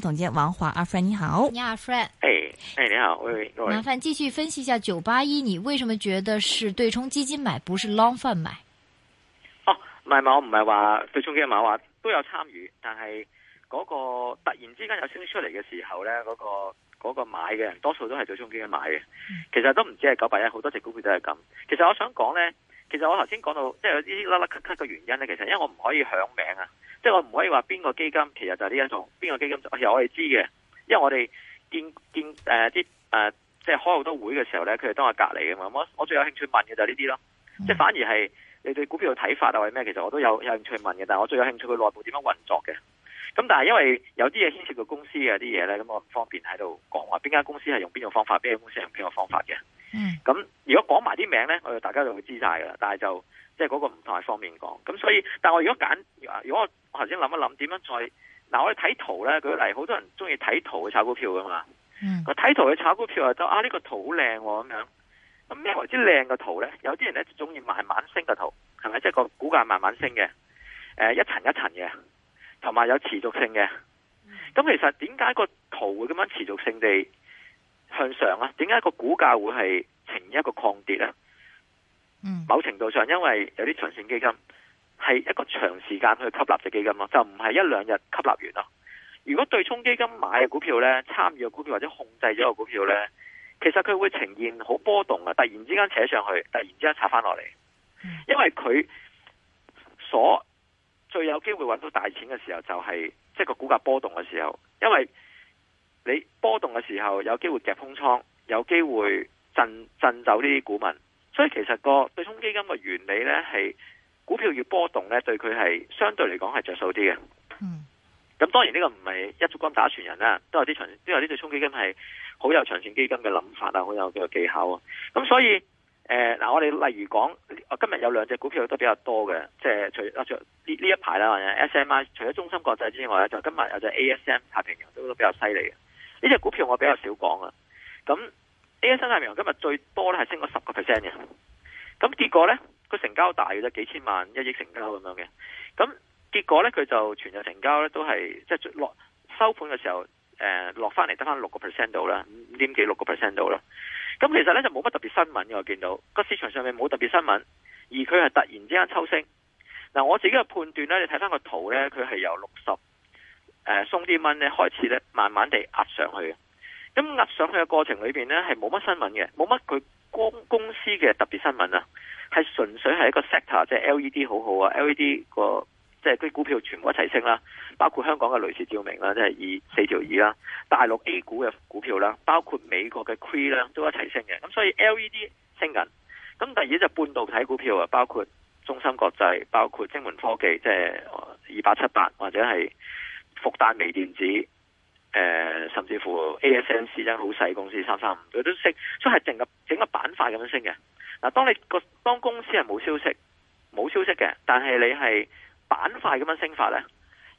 總總監王華，阿 friend 你好，你好阿 friend，哎，哎你好，喂喂，hey, hey, 你 hey, hey. 麻煩繼續分析一下九八一，1, 你為什麼覺得是對沖基金買，不是 long fund 買？哦，唔係嘛，我唔係話對沖基金買，話都有參與，但係嗰、那個突然之間有升出嚟嘅時候咧，嗰、那個嗰、那個買嘅人多數都係對沖基金買嘅，嗯、其實都唔止係九八一，好多隻股票都係咁。其實我想講咧，其實我頭先講到即係有啲甩甩咳咳嘅原因咧，其實因為我唔可以響名啊。即係我唔可以話邊個基金其實就係呢一種，邊個基金其實我哋知嘅，因為我哋見見誒啲誒即係開好多會嘅時候咧，佢哋當我隔籬嘅嘛。我我最有興趣問嘅就係呢啲咯，即係反而係你對股票嘅睇法啊，或者咩，其實我都有有興趣問嘅。但係我最有興趣佢內部點樣運作嘅。咁但係因為有啲嘢牽涉到公司嘅啲嘢咧，咁我唔方便喺度講話邊間公司係用邊種方法，邊間公司係用邊個方法嘅。咁、嗯、如果講埋啲名咧，我哋大家就會知晒噶啦。但係就。即係嗰個唔同方面講，咁所以，但係我如果揀，如果我頭先諗一諗點樣再嗱，嗱我哋睇圖咧，舉例，好多人中意睇圖去炒股票噶嘛。我睇、嗯、圖去炒股票又就係、啊呢、呢個圖好靚喎咁樣，咁咩為之靚嘅圖咧？有啲人咧就中意慢慢升嘅圖，係咪即係個股價慢慢升嘅？誒一層一層嘅，同埋有，有持續性嘅。咁其實點解個圖會咁樣持續性地向上啊？點解個股價會係呈現一個抗跌咧？某程度上，因為有啲長線基金係一個長時間去吸納嘅基金咯，就唔係一兩日吸納完咯。如果對沖基金買嘅股票呢，參與嘅股票或者控制咗個股票呢，其實佢會呈現好波動，突然之間扯上去，突然之間拆翻落嚟。因為佢所最有機會揾到大錢嘅時候，就是，就係即係個股價波動嘅時候，因為你波動嘅時候有機會夾空倉，有機會震震走呢啲股民。所以其實個對沖基金嘅原理呢，係股票越波動呢，對佢係相對嚟講係着數啲嘅。嗯。咁當然呢個唔係一竹篙打一船人啦，都有啲長，都有啲對沖基金係好有長線基金嘅諗法啊，好有嘅技巧啊。咁所以誒嗱、呃，我哋例如講，今日有兩隻股票都比較多嘅，即係除啊除呢一排啦，或者 S M I，除咗中心國際之外呢，就今日有隻 A S M 太平洋都都比較犀利嘅。呢隻股票我比較少講啊。咁呢一新太陽今日最多咧係升咗十個 percent 嘅，咁結果咧個成交大約，幾千萬一億成交咁樣嘅，咁結果咧佢就全日成交咧都係即係落收盤嘅時候，誒、呃、落翻嚟得翻六個 percent 度啦，五點幾六個 percent 度啦，咁、嗯、其實咧就冇乜特別新聞嘅，我見到個市場上面冇特別新聞，而佢係突然之間抽升。嗱、呃，我自己嘅判斷咧，你睇翻個圖咧，佢係由六十誒鬆啲蚊咧開始咧，慢慢地壓上去嘅。咁壓上去嘅過程裏邊呢，係冇乜新聞嘅，冇乜佢公公司嘅特別新聞啊，係純粹係一個 sector，即係 L E D 好好啊，L E D 個即係、就、啲、是、股票全部一齊升啦、啊，包括香港嘅雷士照明啦、啊，即係二四條二啦、啊，大陸 A 股嘅股票啦、啊，包括美國嘅 Cree 啦、啊，都一齊升嘅，咁所以 L E D 升緊，咁第二就半導體股票啊，包括中芯國際，包括晶門科技，即、就、係、是、二八七八或者係復旦微電子。誒、呃，甚至乎 ASMC 真係好細公司，三三五佢都升，所以係整個整個板塊咁樣升嘅。嗱、啊，當你個當公司係冇消息、冇消息嘅，但係你係板塊咁樣升法咧，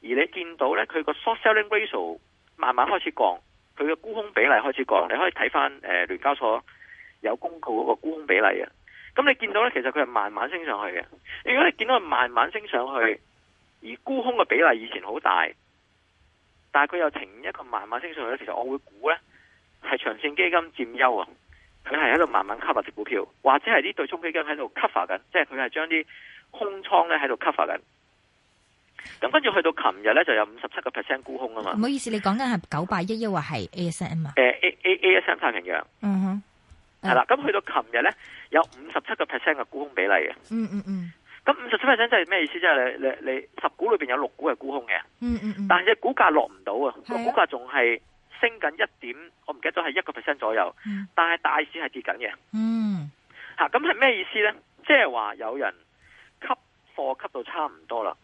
而你見到咧佢個 short selling ratio 慢慢開始降，佢嘅沽空比例開始降，你可以睇翻誒聯交所有公告嗰個沽空比例啊。咁你見到咧，其實佢係慢慢升上去嘅。如果你見到佢慢慢升上去，而沽空嘅比例以前好大。.但係佢又呈現一個慢慢升上去咧，其實我會估咧係長線基金佔優啊，佢係喺度慢慢 cover 啲股票，或者係啲對沖基金喺度 cover 緊，即係佢係將啲空倉咧喺度 cover 緊。咁跟住去到琴日咧，就有五十七個 percent 沽空啊嘛。唔好意思，你講緊係九八一一或係 ASM 啊？誒 A, A S M 太平洋。嗯哼，係啦。咁去到琴日咧，有五十七個 percent 嘅沽空比例嘅、嗯。嗯嗯嗯。咁五十七 percent 即係咩意思？即係你你你十股裏邊有六股係沽空嘅，嗯嗯、但係隻股價落唔到啊！個股價仲係升緊一點，我唔記得咗係一個 percent 左右，嗯、但係大市係跌緊嘅。嗯，吓咁係咩意思咧？即係話有人吸貨吸到差唔多啦，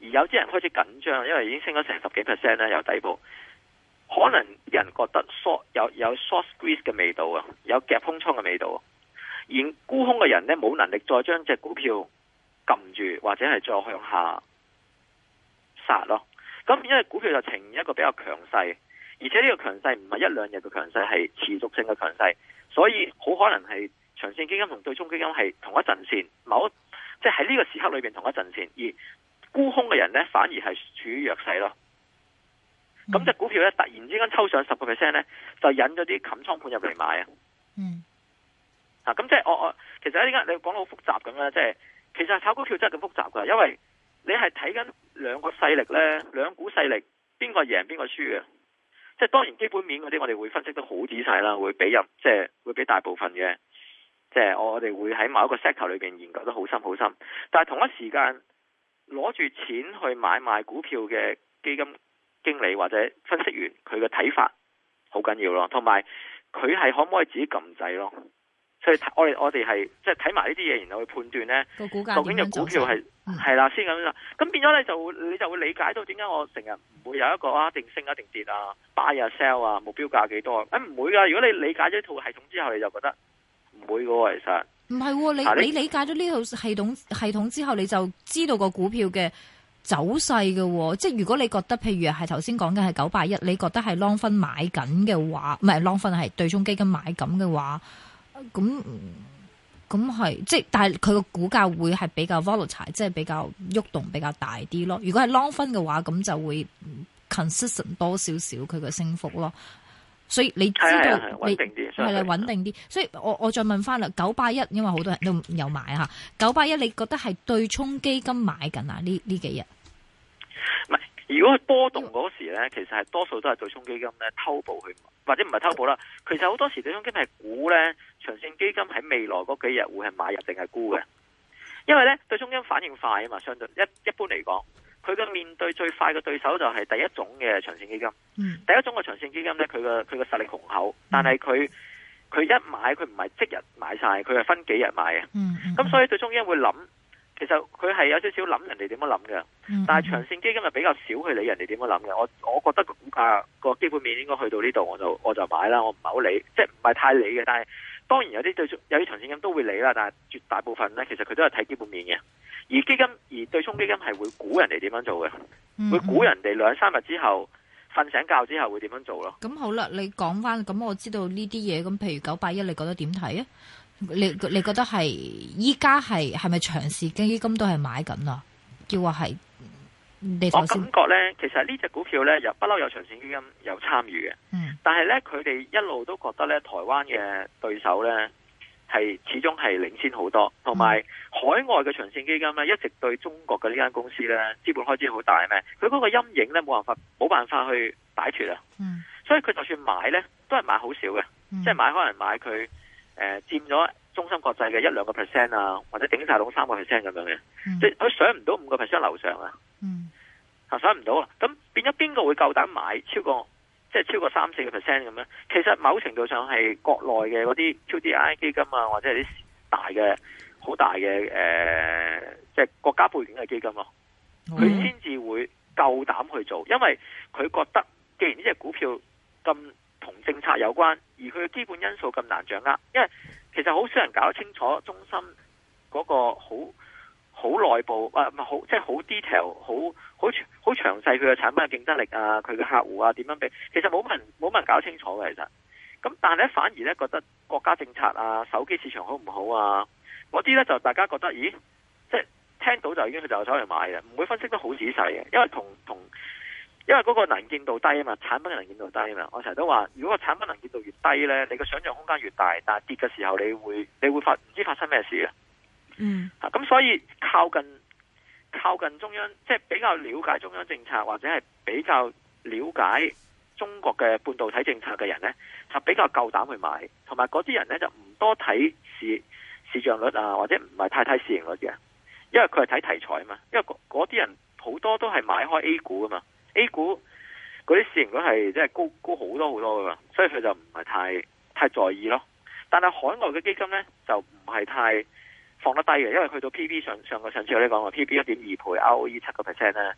而有啲人開始緊張，因為已經升咗成十幾 percent 咧，有底部，可能人覺得 short 有有 short squeeze 嘅味道啊，有夾空倉嘅味道，啊。而沽空嘅人咧冇能力再將隻股票。撳住或者係再向下殺咯，咁因為股票就呈現一個比較強勢，而且呢個強勢唔係一兩日嘅強勢，係持續性嘅強勢，所以好可能係長線基金同對沖基金係同一陣線，某即係喺呢個時刻裏邊同一陣線，而沽空嘅人呢反而係處於弱勢咯。咁隻股票咧突然之間抽上十個 percent 咧，就引咗啲冚倉盤入嚟買，嗯、啊。嗯。咁即係我我其實呢間你講到好複雜咁咧，即係。其實炒股票真係咁複雜噶，因為你係睇緊兩個勢力呢，兩股勢力邊個贏邊個輸嘅。即係當然基本面嗰啲，我哋會分析得好仔細啦，會俾入即係會俾大部分嘅。即係我哋會喺某一個 sector 裏邊研究得好深好深，但係同一時間攞住錢去買賣股票嘅基金經理或者分析員，佢嘅睇法好緊要咯，同埋佢係可唔可以自己撳掣咯？所以我，我哋我哋係即係睇埋呢啲嘢，然後去判斷咧，個股價究竟隻股票係係啦，先咁啦。咁變咗咧，就你就會理解到點解我成日唔會有一個啊，定升啊，定跌啊，buy 啊，sell 啊，目標價幾多啊？誒，唔會噶。如果你理解咗套系統之後，你就覺得唔會噶。其實唔係你你,你理解咗呢套系統系統之後，你就知道個股票嘅走勢喎、哦。即係如果你覺得譬如係頭先講嘅係九百一，你覺得係 Long 分買緊嘅話，唔係 Long 分係對中基金買緊嘅話。咁咁係，即係但係佢個股價會係比較 volatile，即係比較喐動比較大啲咯。如果係 long 分嘅話，咁就會 consistent 多少少佢嘅升幅咯。所以你知道你係啦，穩定啲。所以我我再問翻啦，九八一，因為好多人都有買吓，九八一你覺得係對沖基金買緊啊？呢呢幾日？如果波動嗰時呢，其實係多數都係對沖基金呢偷步去，或者唔係偷步啦。其實好多時對沖基金係估呢長線基金喺未來嗰幾日會係買入定係沽嘅，因為呢對沖基金反應快啊嘛。相對一一般嚟講，佢嘅面對最快嘅對手就係第一種嘅長線基金。第一種嘅長線基金呢，佢嘅佢嘅實力雄厚，但係佢佢一買佢唔係即日買晒，佢係分幾日買嘅。咁、嗯嗯、所以對沖基金會諗。其實佢係有少少諗人哋點樣諗嘅，但係長線基金係比較少去理人哋點樣諗嘅。我我覺得個股價個基本面應該去到呢度，我就我就買啦。我唔係好理，即係唔係太理嘅。但係當然有啲對沖有啲長線基金都會理啦。但係絕大部分咧，其實佢都係睇基本面嘅。而基金而對沖基金係會估人哋點樣做嘅，嗯嗯會估人哋兩三日之後瞓醒覺之後會點樣做咯。咁好啦，你講翻咁我知道呢啲嘢。咁譬如九八一，你覺得點睇啊？你你覺得係依家係係咪長線基金都係買緊啊？叫話係我感覺咧，其實呢隻股票咧又不嬲有長線基金有參與嘅。嗯，但係咧佢哋一路都覺得咧台灣嘅對手咧係始終係領先好多，同埋海外嘅長線基金咧一直對中國嘅呢間公司咧資本開支好大咩？佢嗰個陰影咧冇辦法冇辦法去擺脫啊。嗯，所以佢就算買咧都係買好少嘅，嗯、即係買可能買佢。誒，佔咗、呃、中心國際嘅一兩個 percent 啊，或者頂晒籠三個 percent 咁樣嘅，即係佢上唔到五個 percent 樓上啊，嗯，啊上唔、嗯、到，咁變咗邊個會夠膽買超過，即係超過三四個 percent 咁咧？其實某程度上係國內嘅嗰啲 QDII 基金啊，或者啲大嘅好大嘅誒，即、呃、係、就是、國家背景嘅基金咯、啊，佢先至會夠膽去做，因為佢覺得既然呢隻股票咁。同政策有關，而佢嘅基本因素咁難掌握，因為其實好少人搞清楚中心嗰個好好內部啊，唔係好即係好 detail，好好好詳細佢嘅產品嘅競爭力啊，佢嘅客戶啊點樣俾，其實冇乜人，冇乜人搞清楚嘅其實，咁但係咧反而咧覺得國家政策啊，手機市場好唔好啊，嗰啲咧就大家覺得，咦，即係聽到就已經佢就走嚟買啦，唔會分析得好仔細嘅，因為同同。因為嗰個能見度低啊嘛，產品嘅能見度低啊嘛。我成日都話，如果個產品能見度越低呢，你個想象空間越大，但係跌嘅時候你會你會發唔知發生咩事嘅。嗯。咁、啊，所以靠近靠近中央，即係比較了解中央政策，或者係比較了解中國嘅半導體政策嘅人呢，就比較夠膽去買，同埋嗰啲人呢，就唔多睇市市賬率啊，或者唔係太睇市盈率嘅、啊，因為佢係睇題材啊嘛。因為嗰啲人好多都係買開 A 股啊嘛。A 股嗰啲市盈率係即係高高好多好多噶，所以佢就唔係太太在意咯。但係海外嘅基金咧就唔係太放得低嘅，因為去到 PB 上上個上次我哋講個 PB 一點二倍，R O E 七個 percent 咧，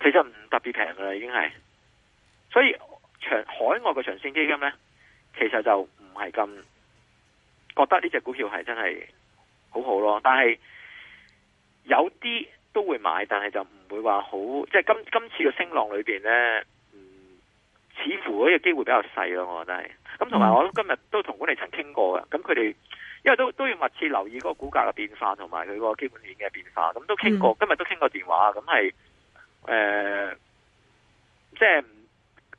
其實唔特別平噶啦，已經係。所以長海外嘅長線基金咧，其實就唔係咁覺得呢隻股票係真係好好咯。但係有啲。都會買，但係就唔會話好，即係今今次嘅升浪裏邊呢，嗯，似乎嗰個機會比較細咯，我覺得係。咁同埋我今日都同管理層傾過嘅，咁佢哋因為都都要密切留意嗰個股價嘅變化同埋佢個基本面嘅變化，咁、嗯嗯、都傾過，今日都傾過電話，咁係，誒、嗯，即係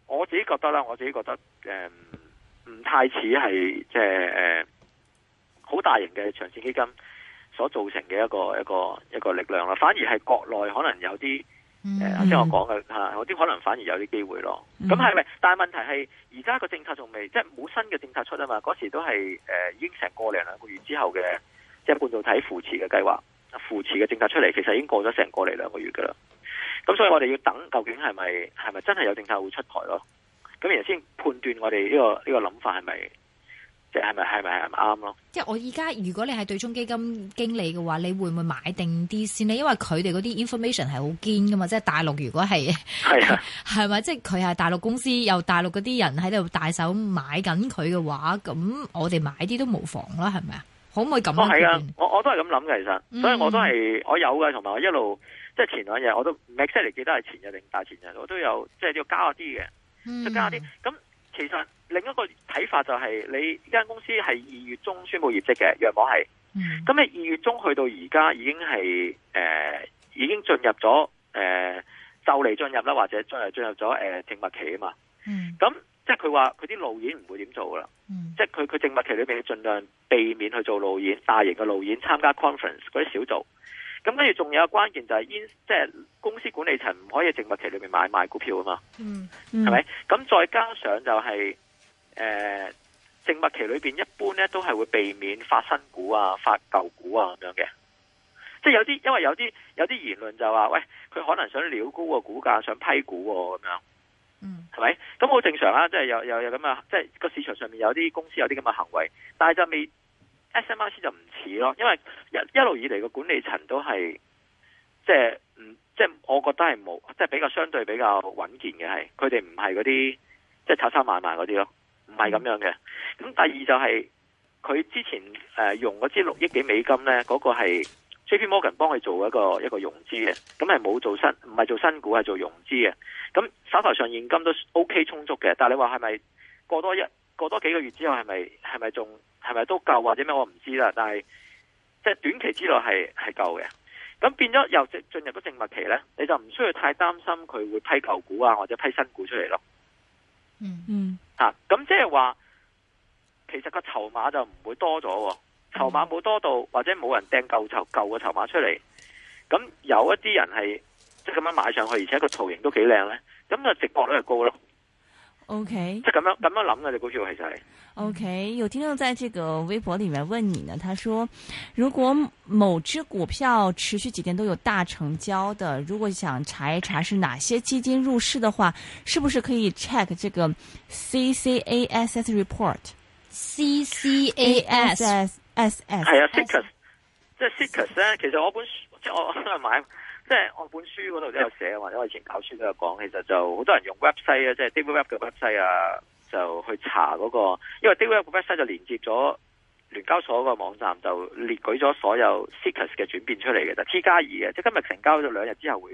我自己覺得啦，我自己覺得，誒，唔、呃、太似係即係好大型嘅長線基金。所造成嘅一個一個一個力量啦，反而係國內可能有啲，誒、嗯，啱先我講嘅嚇，有啲、嗯、可能反而有啲機會咯。咁係咪？但係問題係，而家個政策仲未，即係冇新嘅政策出啊嘛。嗰時都係誒、呃，已經成個零兩個月之後嘅，即係半導體扶持嘅計劃、扶持嘅政策出嚟，其實已經過咗成個零兩個月噶啦。咁所以我哋要等，究竟係咪係咪真係有政策會出台咯？咁然後先判斷我哋呢個呢個諗法係咪？即係咪係咪係咪啱咯？即係我依家如果你係對沖基金經理嘅話，你會唔會買定啲先呢？因為佢哋嗰啲 information 係好堅噶嘛，即係大陸如果係係的啊，係咪即係佢係大陸公司，又大陸嗰啲人喺度大手買緊佢嘅話，咁我哋買啲都無妨啦，係咪啊？可唔可以咁諗？係啊、哦，我我都係咁諗嘅，其實，嗯、所以我都係我有嘅，同埋我一路即係前兩日我都 actually 記得係前日定大前日，我都有即係要加啲嘅，嗯、加啲咁。其實另一個睇法就係、是、你呢間公司係二月中宣布業績嘅，若果係，咁你二月中去到而家已經係誒、呃，已經進入咗誒、呃、就嚟進入啦，或者進進入咗誒靜默期啊嘛。咁即係佢話佢啲路演唔會點做噶啦，即係佢佢靜默期裏面盡量避免去做路演，大型嘅路演參 ference,，參加 conference 嗰啲小組。咁跟住仲有一個關鍵就係煙，即係公司管理層唔可以喺靜默期裏面買賣股票啊嘛嗯。嗯，係咪？咁再加上就係誒靜默期裏面一般咧，都係會避免發新股啊、發舊股啊咁樣嘅。即係有啲，因為有啲有啲言論就話：喂，佢可能想撩高個股價，想批股喎咁樣。嗯，係咪？咁好正常啦，即係有有有咁啊，即係個市場上面有啲公司有啲咁嘅行為，但係就未。S M R C 就唔似咯，因為一一路以嚟個管理層都係，即係、嗯、即係我覺得係冇，即係比較相對比較穩健嘅係，佢哋唔係嗰啲，即係炒炒賣賣嗰啲咯，唔係咁樣嘅。咁、嗯、第二就係、是、佢之前誒、呃、用嗰支六億幾美金咧，嗰、那個係 J P Morgan 幫佢做一個一個融資嘅，咁係冇做新，唔係做新股，係做融資嘅。咁手頭上現金都 O、OK、K 充足嘅，但係你話係咪過多一過多幾個月之後係咪係咪仲？是係咪都夠或者咩？我唔知啦，但係即係短期之內係係夠嘅。咁變咗又進入咗靜默期呢，你就唔需要太擔心佢會批舊股啊或者批新股出嚟咯。嗯嗯，吓咁即係話，其實個籌碼就唔會多咗，籌碼冇多到、嗯、或者冇人掟舊籌舊嘅籌碼出嚟。咁有一啲人係即係咁樣買上去，而且個圖形都幾靚呢，咁就值博率係高咯。O K，即係咁樣咁樣諗嘅隻股票係就係。O K，有聽眾在這個微博裏面問你呢，他說如果某隻股票持續幾天都有大成交的，如果想查一查是哪些基金入市的話，是不是可以 check 這個 CCASS report？CCASS 係啊 s e e k s 即係 s e e k e s 咧，其實我本書即係我買。即係我本書嗰度都有寫，或者我以前搞書都有講，其實就好多人用 website 啊，即係 Dew Web 嘅 website 啊，就去查嗰個，因為 Dew Web 嘅 website 就連接咗聯交所個網站，就列舉咗所有 CCASS 嘅轉變出嚟嘅，就 T 加二嘅，即係今日成交咗兩日之後會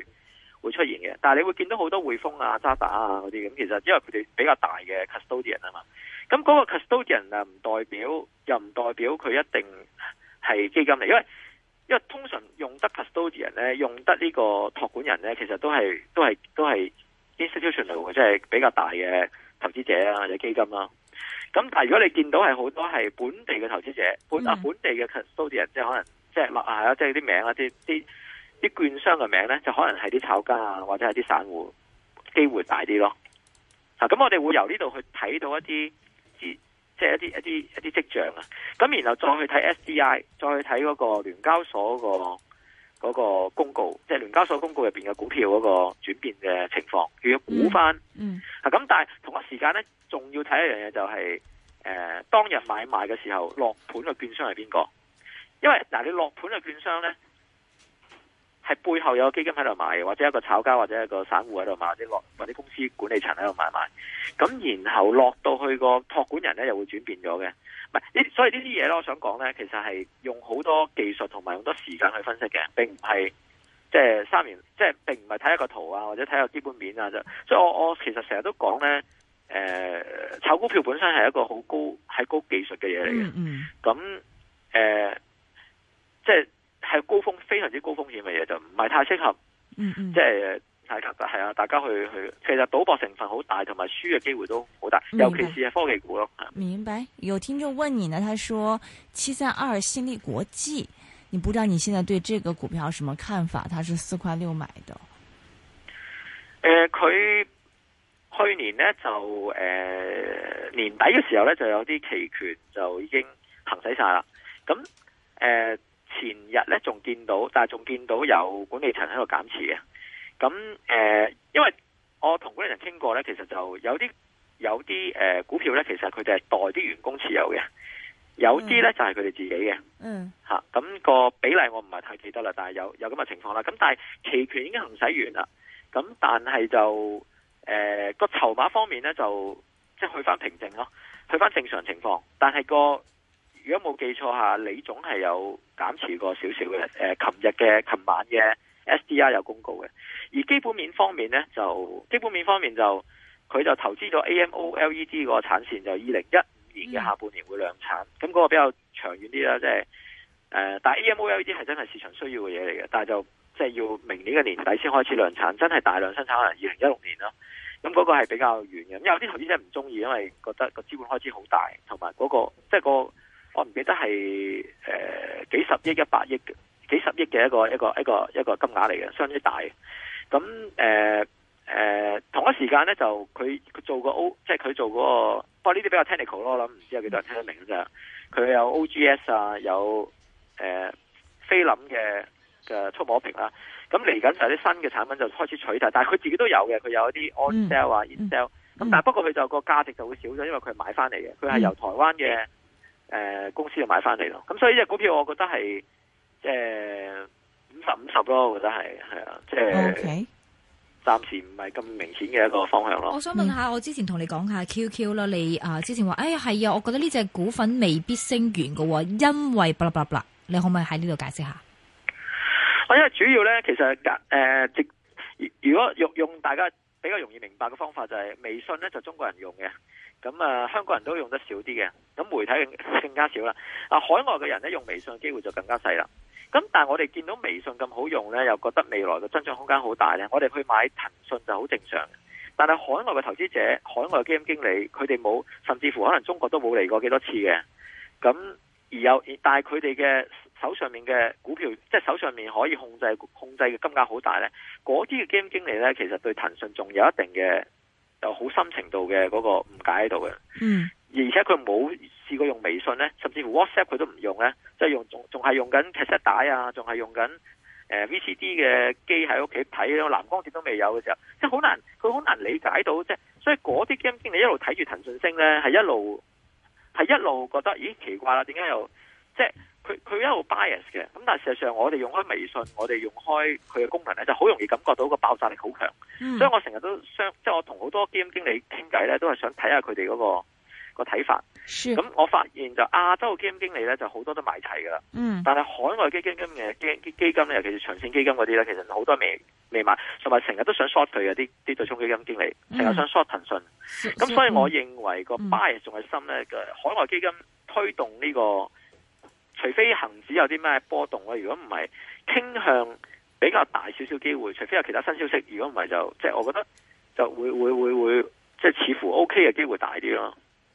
會出現嘅。但係你會見到好多匯豐啊、渣打啊嗰啲咁，其實因為佢哋比較大嘅 custodian 啊嘛，咁嗰個 custodian 啊唔代表又唔代表佢一定係基金嚟，因為。因為通常用得 custodian 咧，用得呢個託管人咧，其實都係都係都係 institutional 即係比較大嘅投資者啊，或者基金啦。咁但係如果你見到係好多係本地嘅投資者，本啊本地嘅 custodian，即係可能即係啊，即係啲名啊，啲啲啲券商嘅名咧，就可能係啲炒家啊，或者係啲散戶，機會大啲咯。啊，咁我哋會由呢度去睇到一啲。即係一啲一啲一啲跡象啊！咁然後再去睇 SDI，再去睇嗰個聯交所、嗰個嗰個公告，即係聯交所公告入邊嘅股票嗰個轉變嘅情況，要估翻、嗯。嗯，咁，但係同一時間呢，仲要睇一樣嘢就係誒當日買賣嘅時候落盤嘅券商係邊個？因為嗱、呃，你落盤嘅券商呢。係背後有基金喺度買，或者一個炒家，或者一個散戶喺度買，或者落或者公司管理層喺度買買。咁然後落到去個託管人咧，又會轉變咗嘅。唔係呢，所以呢啲嘢咧，我想講咧，其實係用好多技術同埋好多時間去分析嘅，並唔係即係三年，即係並唔係睇一個圖啊，或者睇個基本面啊。就所以我，我我其實成日都講咧，誒、呃，炒股票本身係一個好高係高技術嘅嘢嚟嘅。咁誒，即、呃、係。就是係高風，非常之高風險嘅嘢，就唔係太適合，嗯嗯即係係係啊，大家去去，其實賭博成分好大，同埋輸嘅機會都好大，明白。尤其是係科技股咯。明白，有聽眾問你呢，他說七三二新利國際，你不知道你現在對這個股票有什麼看法？他是四塊六買的。誒、呃，佢去年呢，就誒、呃、年底嘅時候呢，就有啲期權就已經行使晒啦，咁、嗯、誒。呃前日咧仲見到，但係仲見到有管理層喺度減持嘅。咁誒、呃，因為我同管理層傾過咧，其實就有啲有啲誒、呃、股票咧，其實佢哋係代啲員工持有嘅，有啲咧就係佢哋自己嘅、嗯。嗯，咁、啊個比例我唔係太記得啦，但係有有咁嘅情況啦。咁但係期權已經行使完啦，咁但係就誒、呃、個籌碼方面咧，就即係去翻平靜咯，去翻正常情況，但係個。如果冇記錯下李總係有減持過少少嘅。誒、呃，琴日嘅、琴晚嘅 SDR 有公告嘅。而基本面方面呢，就基本面方面就佢就投資咗 AMOLED 個產線，就二零一五年嘅下半年會量產。咁、那、嗰個比較長遠啲啦，即係誒，但係 AMOLED 係真係市場需要嘅嘢嚟嘅。但係就即係、就是、要明年嘅年底先開始量產，真係大量生產可能二零一六年咯。咁、那、嗰個係比較遠嘅。因為有啲投資者唔中意，因為覺得個資本開支好大，同埋嗰個即係個。就是那個我唔記得係誒、呃、幾十億、一百億、幾十億嘅一個一個一個一個金額嚟嘅，相當之大。咁誒、呃呃、同一時間咧，就佢佢做個 O，即係佢做嗰個，不過呢啲比較 technical 咯，我諗唔知有幾多人聽得明嘅啫。佢有 OGS 啊，有誒菲林嘅嘅觸摸屏啦、啊。咁嚟緊就啲新嘅產品就開始取代，但係佢自己都有嘅，佢有一啲 on sale 啊，in sale。咁、嗯嗯、但係不過佢就個價值就會少咗，因為佢買翻嚟嘅，佢係由台灣嘅。嗯嗯誒、呃，公司就買翻嚟咯，咁、嗯、所以呢隻股票我覺得係，即係五十五十咯，我覺得係係啊，即係暫時唔係咁明顯嘅一個方向咯。我想問下，我之前同你講下 Q Q 啦，你啊、呃、之前話，哎呀係啊，我覺得呢隻股份未必升完噶，因為卜啦卜啦，你可唔可以喺呢度解釋下？我因為主要咧，其實誒、呃，即如果用用大家。比較容易明白嘅方法就係微信呢，就中國人用嘅，咁啊香港人都用得少啲嘅，咁媒體更加少啦。啊海外嘅人呢，用微信嘅機會就更加細啦。咁但係我哋見到微信咁好用呢，又覺得未來嘅增長空間好大呢。我哋去買騰訊就好正常的，但係海外嘅投資者、海外嘅基金經理，佢哋冇甚至乎可能中國都冇嚟過幾多次嘅，咁而有但係佢哋嘅。手上面嘅股票，即係手上面可以控制控制嘅金額好大呢。嗰啲嘅基金經理呢，其實對騰訊仲有一定嘅又好深程度嘅嗰個誤解喺度嘅。嗯、而且佢冇試過用微信呢，甚至乎 WhatsApp 佢都唔用呢，即係用仲仲係用緊卡式帶啊，仲係用緊、呃、VCD 嘅機喺屋企睇，藍光碟都未有嘅時候，即係好難，佢好難理解到即係，所以嗰啲基金經理一路睇住騰訊升呢，係一路係一路覺得咦奇怪啦，點解又即係？佢佢一路 bias 嘅，咁但係事實上我哋用開微信，我哋用開佢嘅功能咧，就好容易感覺到個爆炸力好強。嗯、所以我成日都想，即係我同好多基金經理傾偈咧，都係想睇下佢哋嗰個、嗰個睇法。咁的我發現就亞洲嘅基金經理咧，就好多都買齊噶啦。嗯、但係海外基金嘅基基金，基金呢，尤其是長線基金嗰啲咧，其實好多未未買，同埋成日都想 short 佢嘅啲啲對沖基金經理，成日想 short 騰訊。咁、嗯、所以我認為個 bias 仲係深咧嘅，嗯、海外基金推動呢、這個。除非恆指有啲咩波動咯，如果唔係，傾向比較大少少機會，除非有其他新消息，如果唔係就即係，即係、我覺得就會會會會即係、即係、似乎 O K 嘅機會大啲咯。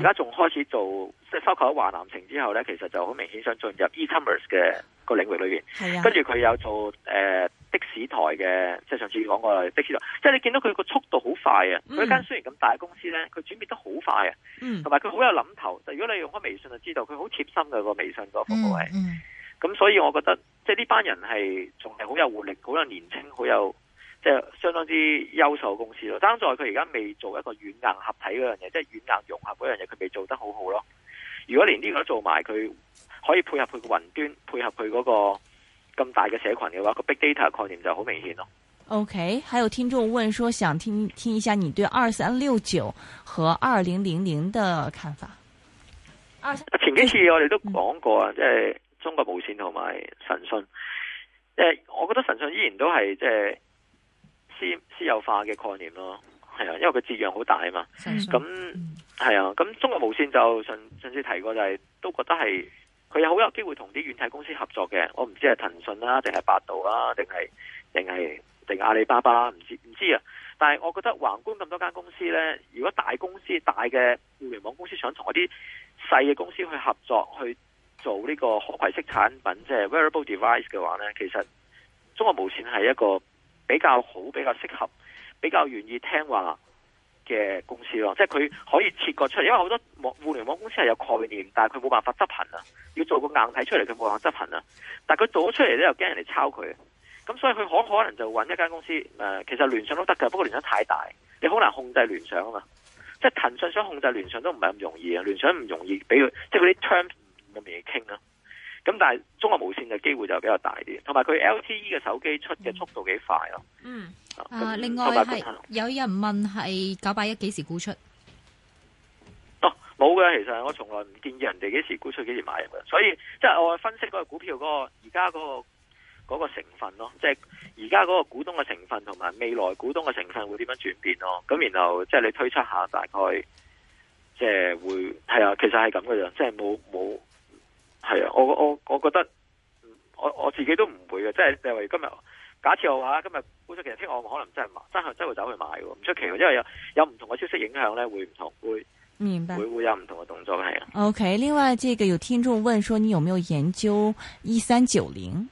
而家仲開始做即係收購咗華南城之後咧，其實就好明顯想進入 e-commerce 嘅個領域裏面。係啊，跟住佢有做、呃、的士台嘅，即係上次講過的，的士台。即係你見到佢個速度好快啊！佢一間、嗯、雖然咁大嘅公司咧，佢轉變得好快啊。同埋佢好有諗頭。如果你用開微信就知道，佢好貼心嘅個微信個服務係。咁、嗯嗯、所以我覺得即係呢班人係仲係好有活力、好有年青，好有。即係相當之優秀公司咯，但係佢而家未做一個軟硬合體嗰樣嘢，即係軟硬融合嗰樣嘢佢未做得好好咯。如果連呢個都做埋，佢可以配合佢個雲端，配合佢嗰個咁大嘅社群嘅話，個 big data 概念就好明顯咯。OK，還有聽眾問說，想聽聽一下你對二三六九和二零零零的看法。前幾次我哋都講過啊，即係、嗯、中國無線同埋神信，即係、我覺得神信依然都係即係。即係私私有化嘅概念咯，係啊，因為佢資源好大啊嘛，咁係啊，咁中國無線就上上次提過、就是，就係都覺得係佢有好有機會同啲軟體公司合作嘅，我唔知係騰訊啦，定係百度啦，定係定係定係阿里巴巴、啊，唔知唔知啊，但係我覺得橫觀咁多間公司呢，如果大公司大嘅互聯網公司想同啲細嘅公司去合作去做呢個可携式產品，即、就、係、是、wearable device 嘅話呢，其實中國無線係一個。比較好，比較適合，比較願意聽話嘅公司咯，即係佢可以切割出嚟，因為好多互聯網公司係有概念，但係佢冇辦法執行啊，要做個硬體出嚟佢冇辦法執行啊，但係佢做咗出嚟咧又驚人哋抄佢，咁所以佢好可，可能就揾一間公司，誒、呃，其實聯想都得噶，不過聯想太大，你好難控制聯想啊嘛，即係騰訊想控制聯想都唔係咁容易啊，聯想唔容易，畀佢，即係嗰啲 terms 咁嘢傾啊。咁但係中國無線嘅機會就比較大啲，同埋佢 LTE 嘅手機出嘅速度幾快咯。嗯，嗯嗯，另外有人問，係九百一幾時沽出？哦、啊，冇嘅，其實我從來唔建議人哋幾時沽出，幾時買入嘅。所以即係、就是、我分析嗰個股票嗰、那個而家嗰個嗰、那個成分咯，即係而家嗰個股東嘅成分同埋未來股東嘅成分會點樣轉變咯？咁然後即係、就是、你推測下大概，即、就、係、是、會係啊？其實係咁嘅啫，即係冇冇。係啊，我我我覺得，我我自己都唔會嘅，即係例如今日假設我話，今日估值其實聽我可能真係買，真係真會走去買嘅，唔出奇，因為有有唔同嘅消息影響咧，會唔同會，明白，會會有唔同嘅動作嘅，係啊。OK，另外，這個有聽眾問說，你有冇研究一三九零？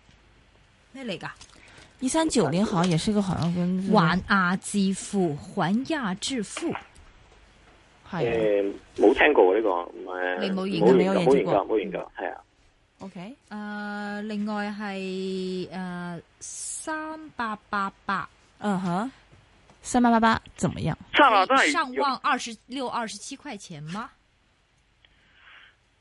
咩嚟噶？一三九零，好像也是一個，好像跟還亞致富、還亞致富。係，冇、啊呃、聽過呢、這個，冇研究，冇研究，冇研究，係啊。OK，誒、uh,，另外係誒三八八八，嗯、uh, 哼、uh，三八八八怎麼樣？差唔多都是哎、上望二十六、二十七塊錢嗎？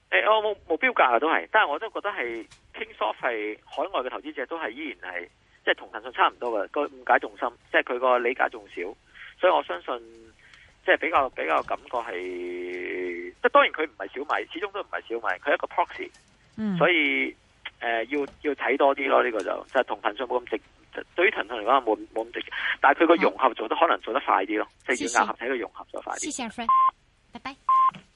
誒、哎，我冇冇目標價啊，都係，但係我都覺得係，Kingsoft 係海外嘅投資者都係依然係，即、就、係、是、同騰訊差唔多嘅，個誤解重心，即係佢個理解仲少，所以我相信。即係比較比較感覺係，即當然佢唔係小米，始終都唔係小米，佢係一個 proxy、嗯、所以誒、呃、要要睇多啲咯、呢、這個就即係同騰訊冇咁直，對於騰訊嚟講係冇冇咁直嘅，但係佢個融合做得是可能做得快啲咯，即係要硬合睇佢融合就快啲。謝謝。